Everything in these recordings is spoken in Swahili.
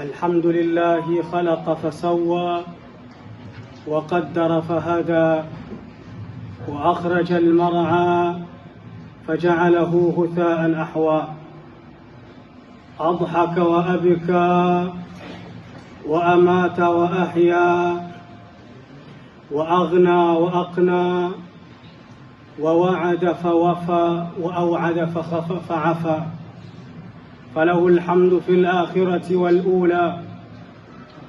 الحمد لله خلق فسوى وقدر فهدى واخرج المرعى فجعله هثاء احوى اضحك وابكى وامات واحيا واغنى واقنى ووعد فوفى واوعد فعفى فله الحمد في الآخرة والأولى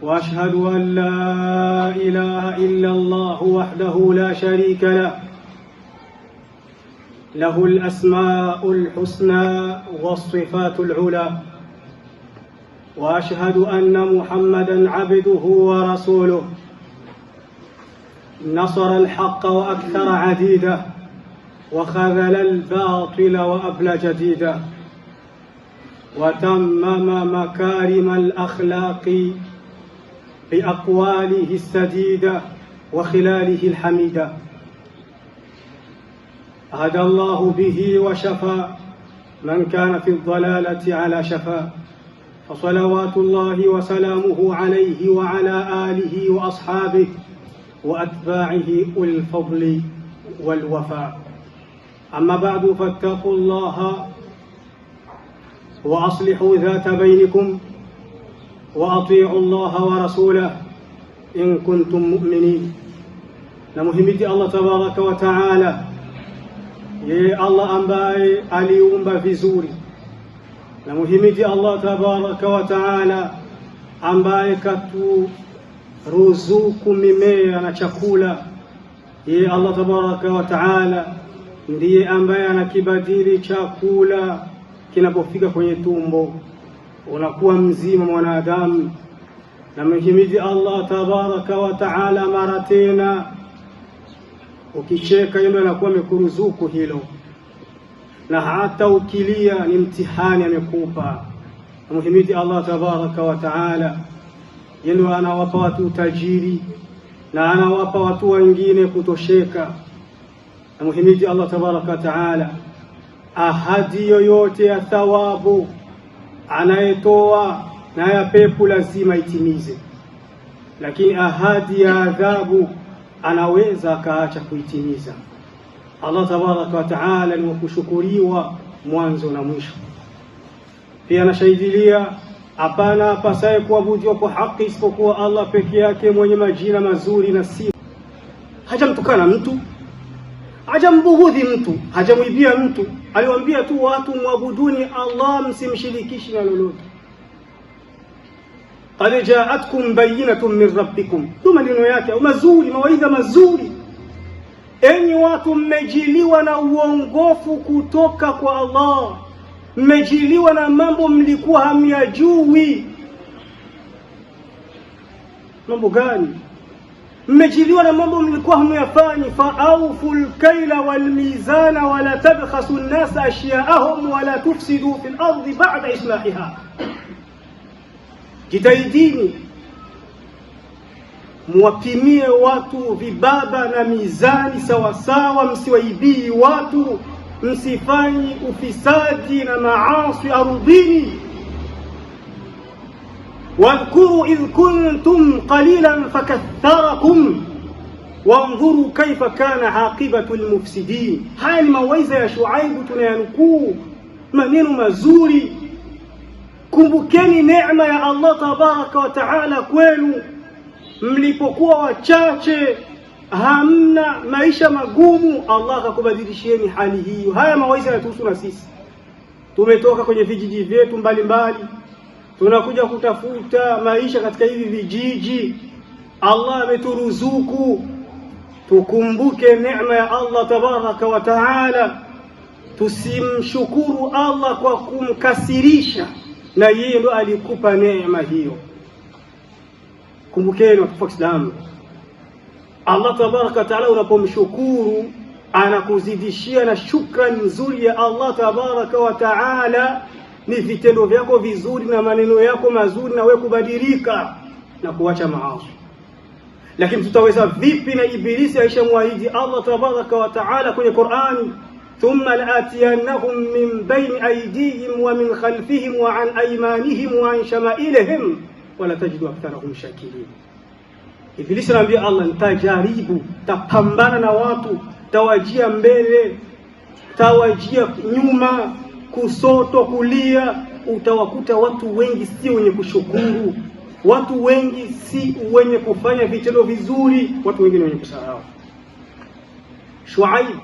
وأشهد أن لا إله إلا الله وحده لا شريك له له الأسماء الحسنى والصفات العلى وأشهد أن محمدا عبده ورسوله نصر الحق وأكثر عديده وخذل الباطل وأبلى جديده وتمم مكارم الأخلاق بأقواله السديدة وخلاله الحميدة هدى الله به وشفى من كان في الضلالة على شفا فصلوات الله وسلامه عليه وعلى آله وأصحابه وأتباعه الفضل والوفاء أما بعد فاتقوا الله وأصلحوا ذات بينكم وأطيعوا الله ورسوله إن كنتم مؤمنين نمهمتي الله تبارك وتعالى yeye Allah ambaye aliumba vizuri na muhimidi Allah tabaraka wa taala ambaye katuruzuku mimea na chakula. Yeye Allah tabaraka wa taala ndiye ambaye anakibadili chakula kinapofika kwenye tumbo, unakuwa mzima mwanadamu. mhimidi Allah tabaraka wa taala mara tena. Ukicheka yule anakuwa amekuruzuku hilo, na hata ukilia ni mtihani amekupa. Mhimidi Allah tabaraka wa taala, yule anawapa watu utajiri na anawapa watu wengine kutosheka. Mhimidi Allah tabaraka wa taala ahadi yoyote ya thawabu anayetoa na ya pepo lazima itimize, lakini ahadi ya adhabu anaweza akaacha kuitimiza. Allah tabaraka wa taala ni wakushukuriwa kushukuriwa mwanzo na mwisho. Pia anashahidilia hapana apasaye kuabudiwa kwa haki isipokuwa Allah peke yake mwenye majina mazuri na sifa. Hajamtukana mtu, hajambughudhi mtu, hajamwibia mtu aliwaambia tu watu mwabuduni Allah, msimshirikishi na lolote. Qad jaatkum bayyinatun min rabbikum, ndio maneno yake au mazuri, mawaidha mazuri. Enyi watu, mmejiliwa na uongofu kutoka kwa Allah, mmejiliwa na mambo mlikuwa hamyajui. Mambo gani? mmechiliwa na mambo mlikuwa hamyafanyi. fa aufu lkaila walmizana wala tabkhasu nnasa ashyaahum wala tufsidu fi lardi bada islahiha, jitahidini muwapimie watu vibaba na mizani sawasawa, msiwaibii watu, msifanyi ufisadi na maasi ardhini wadhkuru idh kuntum qalilan fakatharakum wandhuru kaifa kana aqibatu lmufsidin. Haya ni mawaidha ya Shuaibu tunayanukuu, maneno mazuri. Kumbukeni neema ya Allah tabaraka wa taala kwenu mlipokuwa wachache, hamna maisha magumu, Allah akakubadilishieni hali hiyo. Haya mawaiza yanatuhusu na sisi, tumetoka kwenye vijiji vyetu mbalimbali tunakuja kutafuta maisha katika hivi vijiji. Allah ameturuzuku, tukumbuke neema ya Allah tabaraka wa taala, tusimshukuru Allah kwa kumkasirisha, na yeye ndo alikupa neema hiyo. Kumbukeni watukufu waislamu Allah tabaraka wa taala unapomshukuru anakuzidishia na shukrani nzuri ya Allah tabaraka wa taala ni vitendo vyako vizuri na maneno yako mazuri, na wewe kubadilika na kuacha maasi. Lakini tutaweza vipi na Ibilisi mwahidi Allah tabaraka wa taala kwenye Qur'ani, thumma laatiyannahum min baini aydihim wa min khalfihim wa an aymanihim wa an shamailihim wala tajidu aktharahum shakirin. Ibilisi anaambia Allah, nitajaribu, tapambana na watu, tawajia mbele, tawajia nyuma kusoto, kulia, utawakuta watu wengi si wenye kushukuru, watu wengi si wenye kufanya vitendo vizuri, watu wengi ni wenye kusahau. Shuaib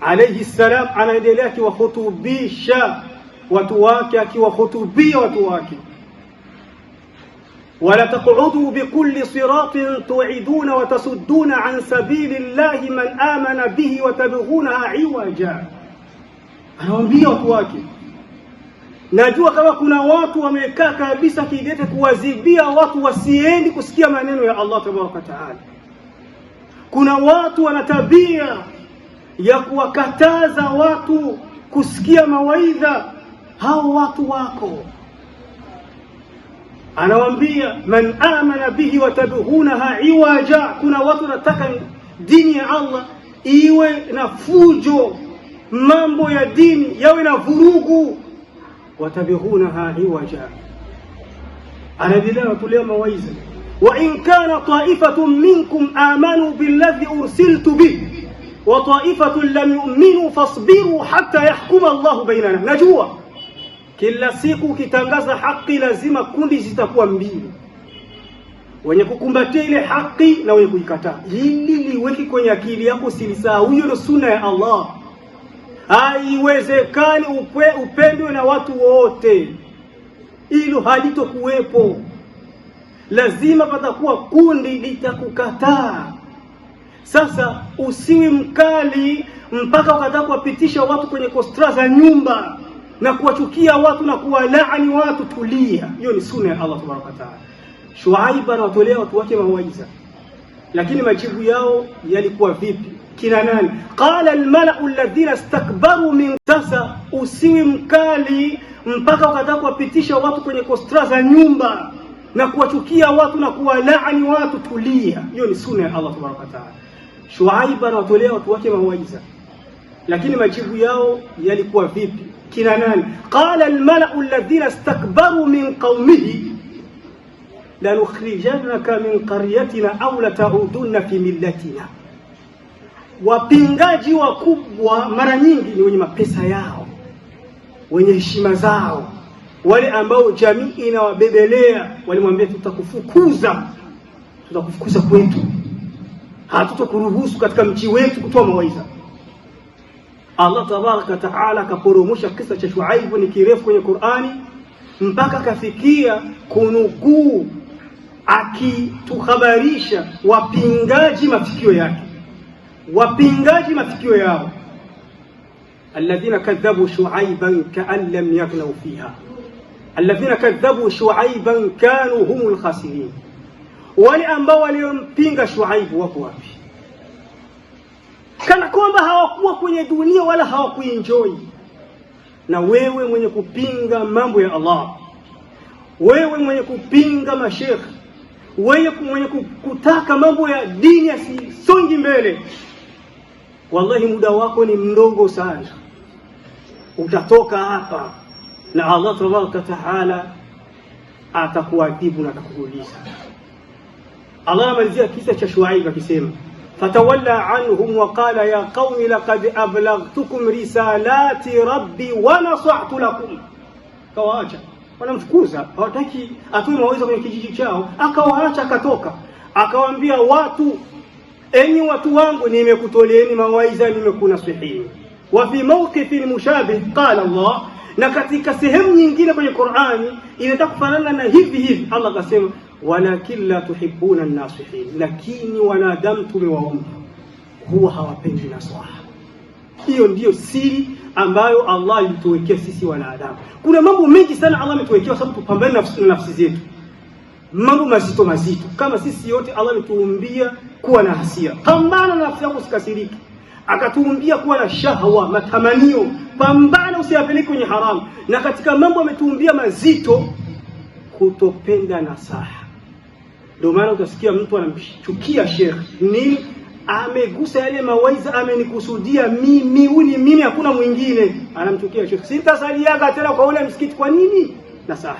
alayhi salam anaendelea akiwahutubisha watu wake, akiwahutubia watu wake wala taq'udu bikulli siratin tu'iduna wa tasudduna an sabili llahi man amana bihi wa tabghunaha iwaja anawaambia watu wake, najua kama kuna watu wamekaa kabisa kidete kuwazibia watu wasiendi kusikia maneno ya Allah tabaraka wataala. Kuna watu wana tabia ya kuwakataza watu kusikia mawaidha, hao watu wako anawaambia man amana bihi watabghunaha iwaja. Kuna watu wanataka dini ya Allah iwe na fujo mambo ya dini yawe na vurugu, watabighunaha iwaja. Anaendelea kutolea mawaidha, wa in kana taifatun minkum amanu billadhi ursiltu bih wa taifatun lam yu'minu fasbiru hatta yahkuma Allahu bainana. Najua kila siku ukitangaza haki lazima kundi zitakuwa mbili, wenye kukumbatia ile haki na wenye kuikataa. Hili liweki kwenye akili yako, silisaa huyo ndio sunna ya Allah haiwezekani upendwe na watu wote, hilo halitokuwepo. Lazima patakuwa kundi litakukataa. Sasa usiwi mkali mpaka ukataka kuwapitisha watu kwenye kostra za nyumba na kuwachukia watu na kuwalaani watu. Tulia, hiyo ni sunna ya Allah tabaraka wataala. Shuaib anawatolea watu wake mawaidha, lakini majibu yao yalikuwa vipi? kina nani? Qala almalau alladhina istakbaru min. Sasa usiwi mkali mpaka ukataka kuwapitisha watu kwenye kostra za nyumba na kuwachukia watu na kuwalaani watu. Tulia, hiyo ni sunna ya Allah tabaraka taala Shuaib anawatolea watu wake mawaiza, lakini majibu yao yalikuwa vipi? Kina nani? Qala almalau alladhina istakbaru min qaumihi lanukhrijanaka min qaryatina au lataudunna fi millatina Wapingaji wakubwa mara nyingi ni wenye mapesa yao, wenye heshima zao, wale ambao jamii inawabebelea. Walimwambia, tutakufukuza, tutakufukuza kwetu, hatutokuruhusu katika mji wetu kutoa mawaidha. Allah tabaraka wataala akaporomosha kisa cha Shuaibu, ni kirefu kwenye Qurani mpaka akafikia kunukuu akituhabarisha wapingaji mafikio yake wapingaji matukio yao, alladhina kadhabu shuaiban kaan lam yaghnau fiha alladhina kadhabu shuaiban kanu hum khasirin, wale ambao waliompinga Shuaibu wako wapi? Kana kwamba hawakuwa kwenye dunia wala hawakuenjoy. Na wewe mwenye kupinga mambo ya Allah, wewe mwenye kupinga mashekh, wewe mwenye kutaka mambo ya dini yasisongi mbele wallahi, muda wako ni mdogo sana. Utatoka hapa na Allah tabaraka taala atakuadhibu na atakuuliza. Allah anamalizia kisa cha Shuaib akisema fatawalla anhum wa qala ya qaumi laqad ablaghtukum risalati rabbi wa nasahtu lakum, kawaacha wanamfukuza, hawataki atoe mawaidha kwenye kijiji chao, akawaacha akatoka, akawaambia watu enyi watu wangu, nimekutoleeni mawaidha, nimekunasihini. Wa fi mawqifin mushabih qala Allah, na katika sehemu nyingine kwenye Qur'ani inataka kufanana na hivi hivi, Allah akasema walakin la tuhibbuna an-nasihin, lakini wanadamu tumewaomba huwa hawapendi nasaha. Hiyo ndiyo siri ambayo Allah alituwekea sisi wanadamu. Kuna mambo mengi sana Allah ametuwekea sababu tupambane na nafsi zetu mambo mazito mazito. Kama sisi yote, Allah alituumbia kuwa na hasira, pambana na nafsi yako usikasiriki. Akatuumbia kuwa na shahwa, matamanio, pambana usiyapeleke kwenye haramu. Na katika mambo ametuumbia mazito, kutopenda nasaha. Ndio maana utasikia mtu anamchukia Sheikh, ni amegusa yale mawaidha, amenikusudia mimi, huyu ni mimi, hakuna mwingine. Anamchukia Sheikh, sitasaliaga tena kwa ule msikiti. Kwa nini? Nasaha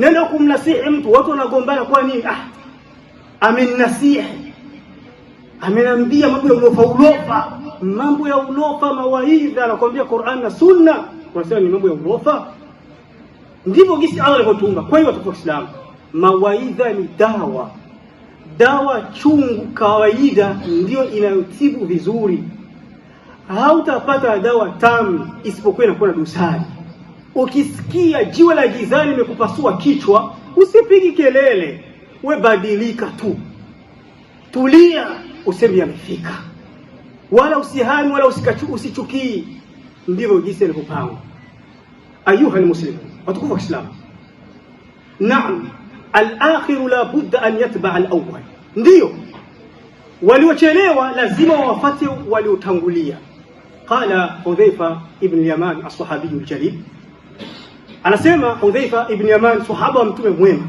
neno kumnasihi mtu, watu wanagombana kwa nini? Ah, amenasihi, amenambia mambo ya ulofa ulofa, mambo ya ulofa, mawaidha, anakwambia Qur'an na Sunna, unasema ni mambo ya ulofa. Ndivyo gisi Allah alivyotuumba. Kwa hiyo watu wa Islam, mawaidha ni dawa, dawa chungu kawaida ndio inayotibu vizuri. Hautapata dawa tamu isipokuwa inakuwa na dosari. Ukisikia jiwe la gizani limekupasua kichwa, usipigi kelele, we badilika tu, tulia, useme yamefika, wala usihami wala usichukii. Ndivyo jinsi alivyopangwa. Ayuha almuslimun, watukufu wa Kiislamu, naam, alakhiru la budda an yatbaa alawwal, ndiyo waliochelewa lazima wawafate waliotangulia. Qala Hudhaifa ibn Yaman, as jalil Anasema Hudhaifa ibn Yaman, sahaba wa mtume mwema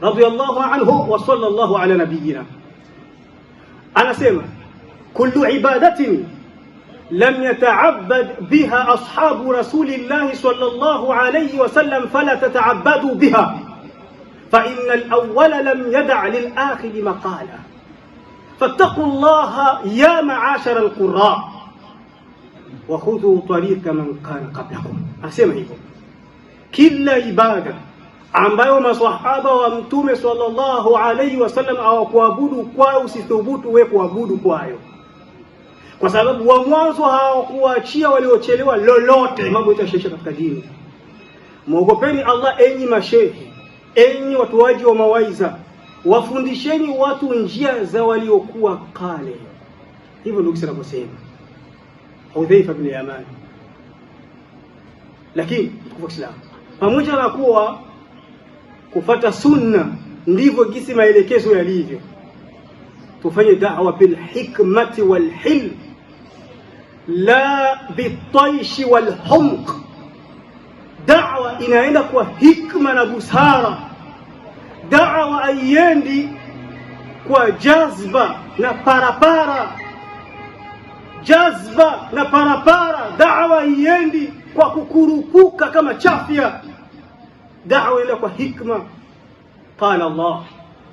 radhiyallahu anhu wa sallallahu ala nabiyina, anasema kullu ibadatin lam yata'abbad biha ashabu rasulillahi sallallahu alayhi wa sallam fala tata'abbadu biha fa inna al-awwala lam yada' lil akhir maqala fattaqu llaha ya ma'ashara al-qurra wa khudhu tariqa man kana qablakum, anasema hivyo kila ibada ambayo maswahaba wa Mtume sallallahu alaihi wasallam hawakuabudu kwayo usithubutu we kuabudu kwayo, kwa sababu wa mwanzo hawakuachia waliochelewa lolote. Mambo yetu yashaisha katika dini. Mwogopeni Allah, enyi mashehi, enyi watoaji wa mawaiza, wafundisheni watu njia za waliokuwa kale. Hivyo ndio kisa Hudhaifa bin Yamani, lakini kwa wa Islamu pamoja na kuwa kufata sunna ndivyo gisi maelekezo yalivyo, tufanye da'wa bil hikmati wal la bitaishi wal humq. Da'wa inaenda kwa hikma na busara, da'wa haiendi kwa jazba na parapara. Jazba na parapara, da'wa iendi kwa kukurupuka kama chafya. دعوة إلى حكمة قال الله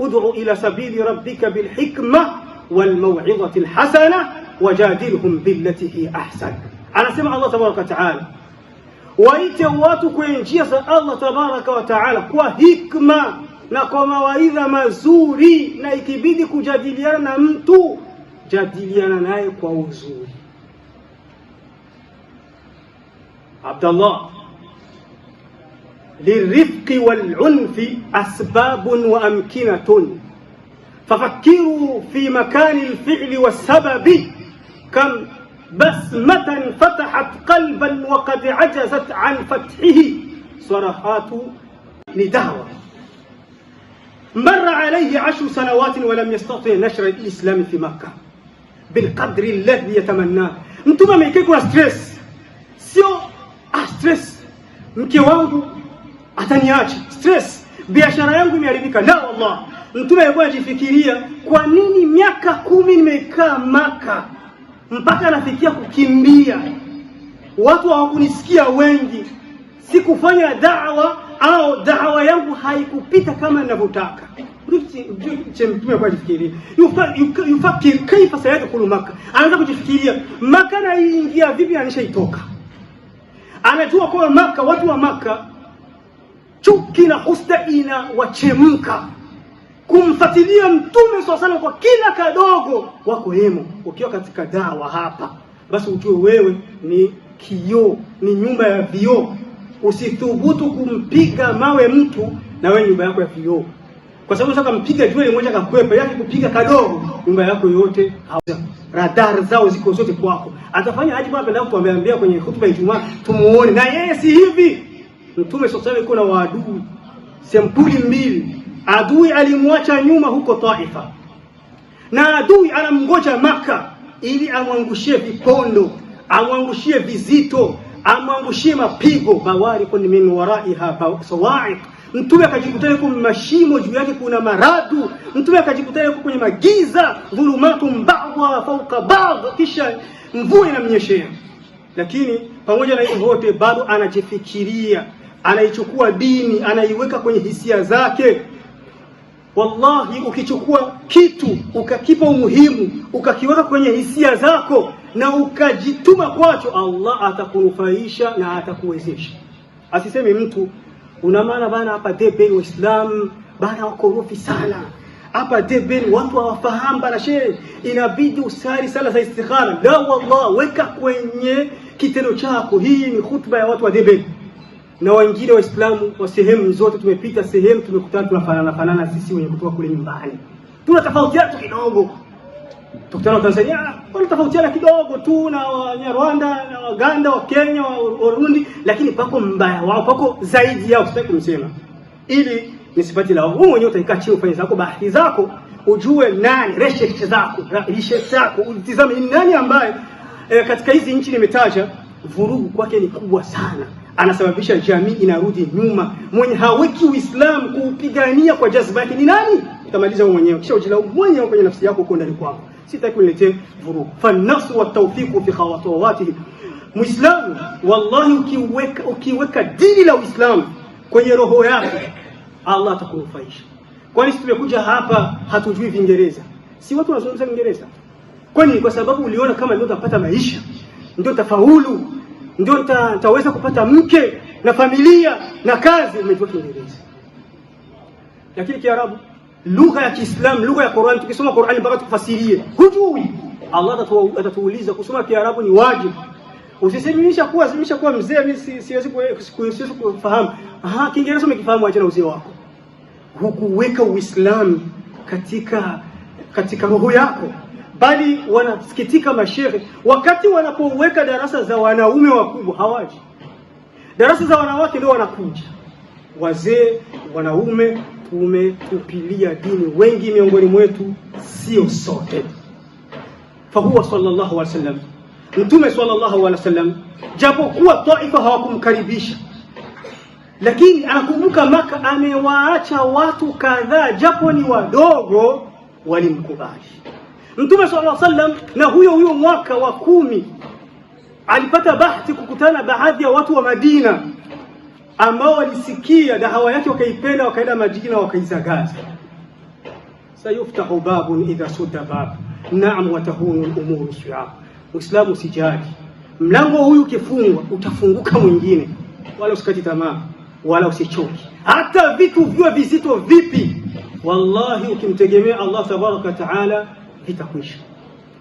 ادع إلى سبيل ربك بالحكمة والموعظة الحسنة وجادلهم بالتي هي أحسن على سمع الله تبارك وتعالى وإيتي واتك وينجيس الله تبارك وتعالى وحكمة نقوم وإذا ما زوري نايكبيدك جادليانا أنتو جادليانا نايك وزوري عبد الله للرفق والعنف أسباب وأمكنة ففكروا في مكان الفعل والسبب كم بسمة فتحت قلبا وقد عجزت عن فتحه صرخات نداوة مر عليه عشر سنوات ولم يستطع نشر الإسلام في مكة بالقدر الذي يتمناه انتم ميكيكوا ستريس سيو ستريس mke ataniacha stress, biashara yangu imeharibika. La wallah, mtume alikuwa anajifikiria, kwa nini miaka kumi nimekaa Maka mpaka anafikia kukimbia, watu hawakunisikia wengi, sikufanya dawa au dawa yangu haikupita kama ninavyotaka. Mtume Maka, anaanza kujifikiria Maka naiingia vipi, anishaitoka anajua kwa Maka, watu wa Maka chuki na husda inawachemka kumfatilia Mtume swalla sallam kwa kila kadogo. Wako hemo ukiwa katika dawa hapa, basi ujue wewe ni kioo, ni nyumba ya vioo. Usithubutu kumpiga mawe mtu na wewe nyumba yako ya vioo, kwa sababu sasa kampiga jua moja kakwepa, yake kupiga kadogo, nyumba yako yote radar zao ziko zote kwako. Atafanya ajibu Bwana pendao kuambia kwenye hutuba ya Ijumaa, tumuone na yeye si hivi Mtume sasa alikuwa waadui sempuli mbili, adui alimwacha nyuma huko Taifa na adui anamngoja Maka ili amwangushie vipondo, amwangushie vizito, amwangushie mapigo. Mawarikun min waraiha sawaiq, Mtume akajikutana yuko mashimo, juu yake kuna maradu. Mtume akajikutana yuko kwenye magiza, dhulumatun ba'dha fauka ba'd, kisha mvua inamnyeshea. Lakini pamoja na hivyo vyote bado anajifikiria anaichukua dini anaiweka kwenye hisia zake. Wallahi, ukichukua kitu ukakipa umuhimu ukakiweka kwenye hisia zako na ukajituma kwacho, Allah atakunufaisha na atakuwezesha. asisemi mtu una maana bana, hapa debe waislam bana wakorofi sana hapa debe, watu hawafahamu bana, shehe, inabidi usali sala za istikhara. La, wallah, weka kwenye kitendo chako. Hii ni hutuba ya watu wa debe na wengine Waislamu wa sehemu zote, tumepita sehemu, tumekutana, tunafanana fanana sisi wenye kutoka kule nyumbani, tuna tofauti yetu kidogo, tukutana na Tanzania wanatofautiana kidogo tu na Wanyarwanda na Waganda, wa Burundi, lakini pako mbaya wao, pako zaidi yao, sitaki kumsema ili nisipati lao. Wewe mwenyewe utaikaa chini ufanye zako bahati zako, ujue nani reshe zako reshe zako, utizame ni nani ambaye e, katika hizi nchi nimetaja vurugu kwake ni kubwa sana, anasababisha jamii inarudi nyuma. Mwenye haweki Uislamu kuupigania kwa jazba yake ni nani? Utamaliza wewe mwenyewe, kisha ujilau mwenyewe kwenye nafsi yako uko ndani kwako. Sitaki uniletee vurugu. Fannasu wa tawfiqu fi khawatihi. Muislamu wallahi, ukiweka ukiweka dini la Uislamu kwenye roho yako, Allah atakunufaisha. Kwani tumekuja hapa hatujui viingereza Si watu wanazungumza Kiingereza? Kwani kwa sababu uliona kama ndio utapata maisha ndio nitafaulu, ndio nitaweza kupata mke na familia na kazi. Umejua Kiingereza, lakini Kiarabu, lugha ya Kiislamu, lugha ya Qur'an. Tukisoma Qur'an mpaka tukufasirie, hujui. Allah atatuuliza. Kusoma Kiarabu ni wajibu. Usisemi nimeshakuwa nimeshakuwa mzee, mimi siwezi kuwezi kufahamu. Aha, Kiingereza umekifahamu, acha na uzee wako. Hukuweka Uislamu katika katika roho yako bali wanasikitika mashehe, wakati wanapoweka darasa za wanaume wakubwa hawaji, darasa za wanawake ndio wanakuja. Wazee wanaume tumetupilia dini, wengi miongoni mwetu, sio sote. Fahuwa sallallahu alaihi wasallam, Mtume sallallahu alaihi wasallam, japokuwa Taifa hawakumkaribisha lakini anakumbuka Maka, amewaacha watu kadhaa, japo ni wadogo, walimkubali. Mtume sallallahu alaihi wasallam na huyo huyo mwaka wa kumi alipata bahati kukutana baadhi ya watu wa Madina ambao walisikia dahawa yake wakaipenda, wakaenda Madina wakaizagaza. sayuftahu babun idha sudda bab naam watahunu lumuru shiab. Muislamu usijali, mlango huyu ukifungwa utafunguka mwingine, wala usikati tamaa, wala usichoki, hata vitu viwe vizito vipi. Wallahi, ukimtegemea Allah tabaraka taala itakwisha.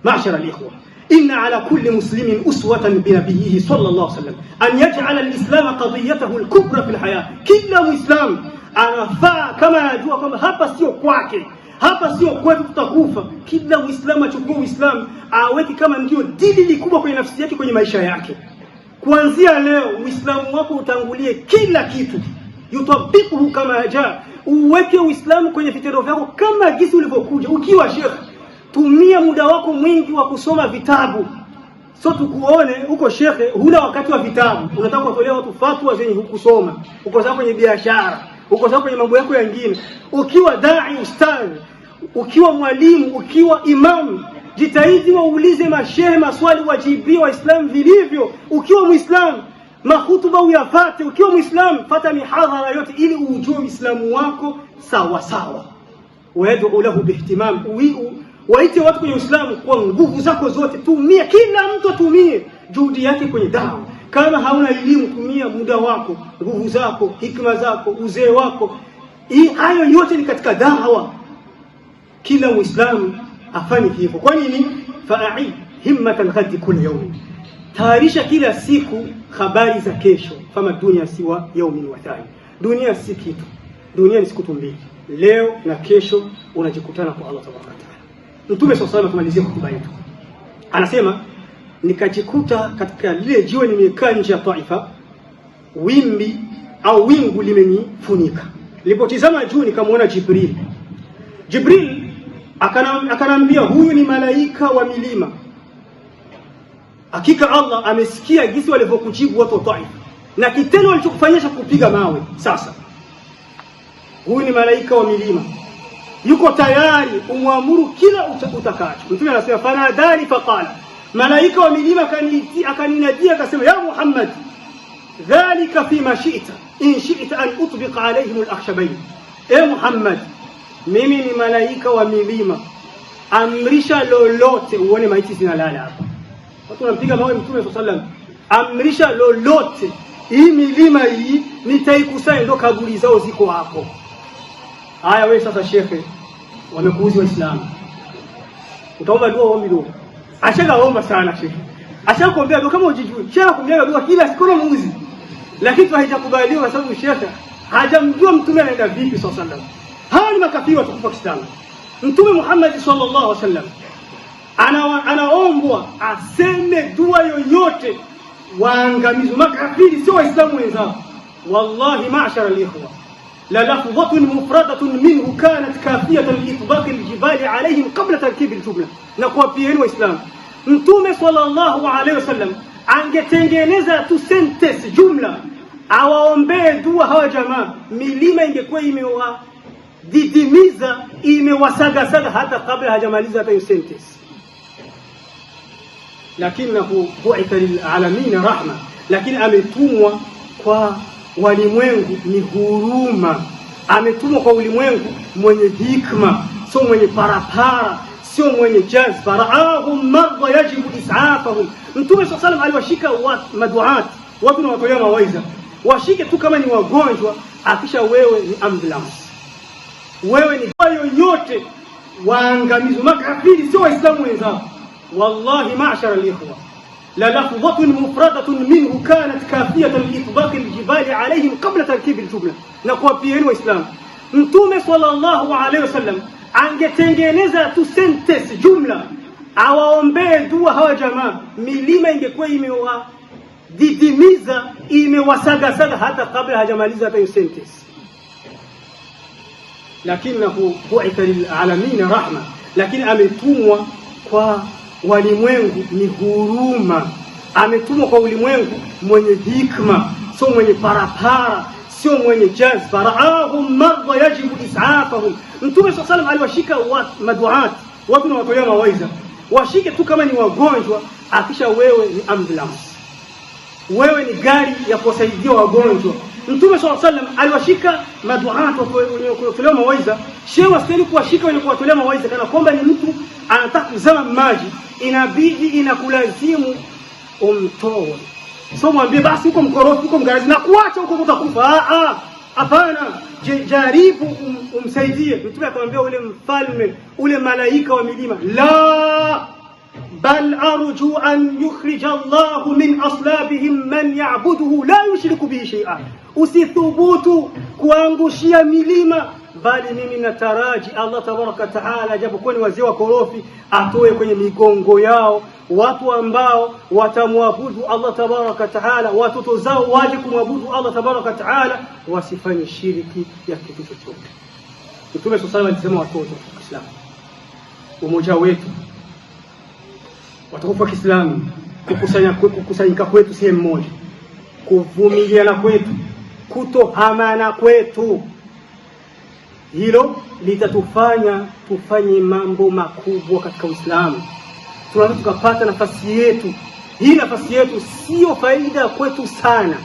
Mashara alikhwa, inna ala kulli muslimin uswatan binabiyihi sallallahu alaihi wasallam an yaj'ala alislam qadiyatahu alkubra fil haya. Kila muislam anafaa kama anajua kwamba hapa sio kwake, hapa sio kwetu, tutakufa. Kila muislam achukue uislamu aweke kama ndio dili kubwa kwenye nafsi yake, kwenye maisha yake. Kuanzia leo uislamu wako utangulie kila kitu, yutabiquhu kama jaa, uweke uislamu kwenye vitendo vyako kama jinsi ulivyokuja ukiwa shekhi tumia muda wako mwingi wa kusoma vitabu. So tukuone huko shekhe, huna wakati wa vitabu, unataka kuwatolea watu fatwa zenye hukusoma, uko sawa kwenye biashara, uko sawa kwenye mambo yako yengine. Ukiwa dai, ustadhi, ukiwa mwalimu, ukiwa imamu, jitahidi waulize mashehe maswali, wajibie Waislamu vilivyo. Ukiwa Mwislamu mahutuba uyafate. Ukiwa Mwislamu fata mihadhara yote, ili uujue Uislamu wako sawa sawa. lahu bihtimam waite watu kwenye Uislamu kwa nguvu zako zote, tumia kila mtu atumie juhudi yake kwenye dawa. Kama hauna elimu, tumia muda wako, nguvu zako, hikma zako, uzee wako. Hii hayo yote ni katika dawa. Kila Muislamu afanye hivyo. Kwa nini? Fa'id himmata al kulli yawm, tayarisha kila siku habari za kesho. Fama dunia siwa yaumin wathani, dunia si kitu, dunia ni siku mbili, leo na kesho, unajikutana kwa Allah tabaraka Mtume swalla salam kumalizia hotuba yetu anasema, nikajikuta katika lile jiwe nimekaa nje ya Taifa, wimbi au wingu limenifunika. Nilipotizama juu nikamwona Jibril. Jibril akanaambia, huyu ni malaika wa milima, hakika Allah amesikia jinsi walivyokujibu watu wa Taifa na kitendo walichokufanyisha kupiga mawe. Sasa huyu ni malaika wa milima yuko tayari umwamuru kila utakacho. Mtume anasema fanadani faqala, malaika wa milima akaninajia akasema, ya Muhammad, dhalika fi ma shi'ta in shi'ta an utbiqa alayhim al-akhshabayn. E Muhammad, mimi ni malaika wa milima, amrisha lolote uone maiti zinalala hapa. Watu wanampiga mawe Mtume sallallahu alayhi wasallam, amrisha lolote, hii milima hii nitaikusanya, ndo kaburi zao ziko hapo. Haya, wewe sasa shekhe wamekuuzi Waislamu, utaomba dua, ombi dua. Ashakaomba sana shehe, ashakuombea dua kama ujijui. shekhe akumjia dua kila siku na muuzi, lakini haijakubaliwa kwa sababu shekhe hajamjua mtume anaenda vipi sallallahu alaihi Hawa ni makafiri watukufu wa Kiislamu. Mtume Muhammad sallallahu alaihi wasallam ana anaombwa aseme dua yoyote waangamizwe. Makafiri sio waislamu wenzao. Wallahi maashara alikhwa la lafdhatun mufradatun minhu kanat kafiyatan liithbati ljibali alayhim qabla tarkibi ljumla. Na kuwapieni Waislamu, Mtume sallallahu alayhi wasallam angetengeneza tu sentence jumla, awaombee dua hawa jamaa, milima ingekuwa imewadidimiza imewasagasaga hata kabla hajamaliza hata hiyo sentence. Lakinahu buitha lilalamina rahma, lakini ametumwa kwa walimwengu ni huruma. Ametumwa kwa ulimwengu mwenye hikma, sio mwenye parapara, sio mwenye jazba. raahum marda yajibu isafahum. Mtume saa salam aliwashika maduati, watu na watolea mawaidha, washike tu kama ni wagonjwa, akisha wewe ni ambulance, wewe ni kwa yoyote waangamizwe. Makafiri sio waislamu wenzao, wallahi mashara likhwa la lafdhatun mufradatun minhu kanat kafiyatan liitbaqi ljibali alayhim qabla tarkibi ljumla. Na kuwapieni Waislamu, Mtume sallallahu alayhi wasallam angetengeneza tu sentence jumla, awaombee dua hawa jamaa, milima ingekuwa imewadidimiza imewasagasaga hata kabla hajamaliza hata hiyo Lakinahu buitha lilalamina rahma, lakini ametumwa kwa walimwengu ni huruma, ametumwa kwa ulimwengu mwenye hikma, sio mwenye parapara, sio mwenye jazba. raahum marda yajibu isafahum. Mtume swalla salam aliwashika maduat watu nawatolea mawaidha, washike tu kama ni wagonjwa. Akisha wewe ni ambulance, wewe ni gari ya kuwasaidia wagonjwa. Mtume swalla salam aliwashika maduati wenye kuwatolea mawaidha, shehe wastahili kuwashika wenye kuwatolea mawaidha, kana kwamba ni mtu anataka kuzama maji inabidi inakulazimu umtoe, sio mwambie basi uko mkorofi uko mgarazi na kuacha huko utakufa. Ah, ah. Hapana, jaribu um, umsaidie. Mtume akamwambia ule mfalme ule malaika wa milima la bal arju an yukhrija Allahu min aslabihim man ya'buduhu la yushriku bihi shay'a, usithubutu kuangushia milima, bali mimi nataraji Allah tabaraka wataala japokuwa ni wazee wa korofi, atoe kwenye migongo yao watu ambao watamwabudu Allah tabaraka wataala watoto zao waje kumwabudu Allah tabaraka taala, wasifanye shiriki ya kitu chochote. Mtume sallallahu alayhi wasallam alisema watoto wa umoja wetu watukufu wa Kiislamu, kukusanyika kwetu sehemu moja, kuvumiliana kwetu, kutohamana kwetu, hilo litatufanya tufanye mambo makubwa katika Uislamu. Tunaweza tukapata nafasi yetu. Hii nafasi yetu sio faida kwetu sana,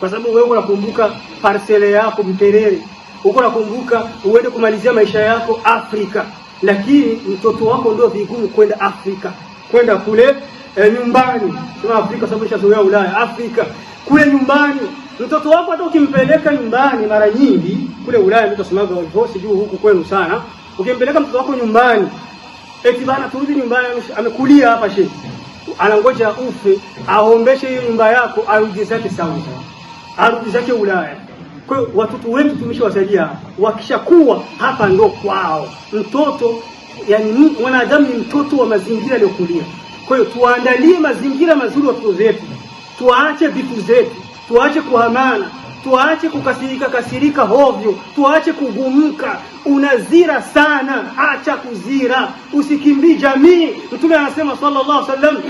kwa sababu wewe unakumbuka parsele yako Mterere, uko nakumbuka uende kumalizia maisha yako Afrika, lakini mtoto wako ndio vigumu kwenda Afrika kwenda kule e, nyumbani. Sema Afrika sababu ishazoea Ulaya, Afrika kule nyumbani. Mtoto wako hata ukimpeleka nyumbani, mara nyingi kule Ulaya mtu hivyo, sijui huku kwenu sana. Ukimpeleka mtoto wako nyumbani, eti bana, turudi nyumbani, amekulia hapa shehe, anangoja ufe aombeshe hiyo nyumba yako, arudi zake Saudi, arudi zake Ulaya. Kwa watoto wetu tumeshawasaidia, wakishakuwa hapa ndo kwao mtoto yani mwanadamu ni mtoto wa mazingira aliyokulia. Kwa hiyo tuwaandalie mazingira mazuri watoto zetu, tuwaache vitu zetu, tuwaache kuhamana, tuwaache kukasirika kasirika hovyo, tuwaache kugumka. Unazira sana, acha kuzira, usikimbii jamii. Mtume anasema sallallahu alaihi wasallam,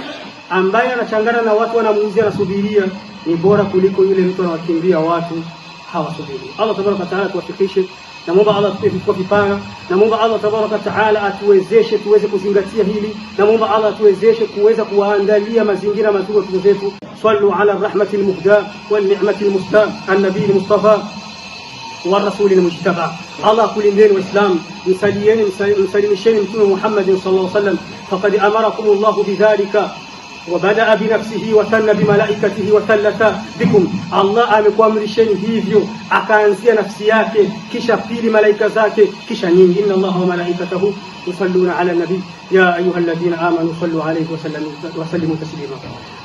ambaye anachangana na watu wanamuuzia, anasubiria ni bora kuliko yule mtu anawakimbia watu hawasubiria. Allah tabaraka wataala tuwafikishe na Mungu Allah tupe vifuko vipana, na Mungu Allah tabaraka taala atuwezeshe tuweze kuzingatia hili, na Mungu Allah atuwezeshe kuweza kuwaandalia mazingira mazuri watoto zetu. Sallu ala rahmati lmuhda wa nimati lmusta annabii lmustafa wa rasuli lmujtaba. Allah kulindeni Waislamu, msalieni msalimisheni Mtume Muhammadin sallallahu alaihi wasallam, faqad amarakum llahu bidhalika wabadaa binafsihi wasanna bimalaikatihi wathalatha bikum, Allah amekuamrisheni hivyo, akaanzia nafsi yake, kisha pili malaika zake, kisha nyingi. inna Allaha wa malaikatahu يصلون على النبي يا أيها الذين آمنوا صلوا عليه وسلموا وسلموا تسليما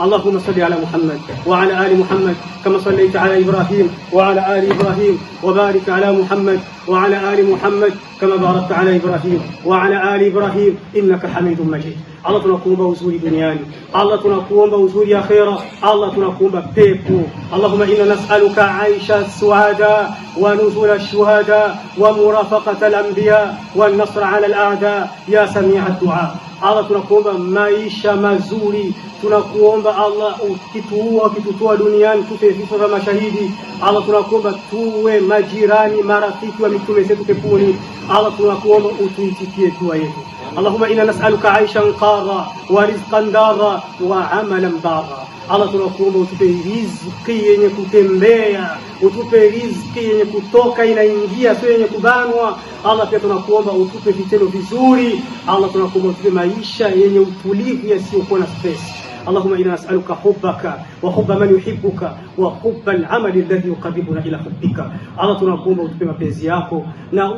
اللهم صل على محمد وعلى آل محمد كما صليت على إبراهيم وعلى آل إبراهيم وبارك على محمد وعلى آل محمد كما باركت على إبراهيم وعلى آل إبراهيم إنك حميد مجيد الله تنقوم بوزور دنياني الله تنقوم بوزور خيرا Allah tunakuomba pepo. اللهم إنا نسألك عيش السعداء ونزول الشهداء ومرافقة الأنبياء والنصر على الأعداء ya, ya samia dua. Allah, tunakuomba maisha mazuri, tunakuomba Allah ukituua ukitutoa duniani tupe vifo vya mashahidi. Allah, tunakuomba tuwe majirani marafiki wa mitume zetu peponi. Allah, tunakuomba utuitikie dua yetu. Allahumma inna nas'aluka aishan qara wa rizqan dara wa amalan bara. Allah, tunakuomba utupe riziki yenye kutembea, utupe riziki yenye kutoka inaingia, sio yenye kubanwa. Allah, pia tunakuomba utupe vitendo vizuri. Allah, tunakuomba utupe maisha yenye utulivu yasiyokuwa na stress. اللهم inna nas'aluka حبك وحب من man وحب wa الذي يقربنا الى حبك الله ila hubbika. Allah, utupe mapenzi yako na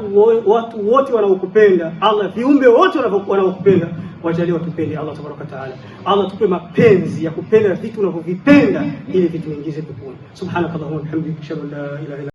watu wote wanaokupenda Allah, viumbe wote wanaokupenda wajalie watupende Allah tabaraka وتعالى Allah, tupe mapenzi ya kupenda vitu unavyovipenda ili vituingize peponi. subhanakallahumma wa bihamdika ashhadu an la ilaha illa